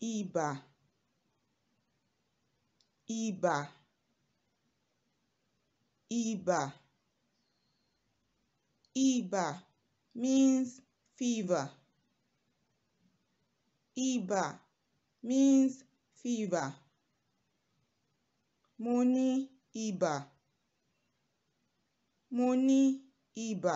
Iba, Iba, Iba, Iba means fever Iba means fever mo ní ibà mo ní ibà.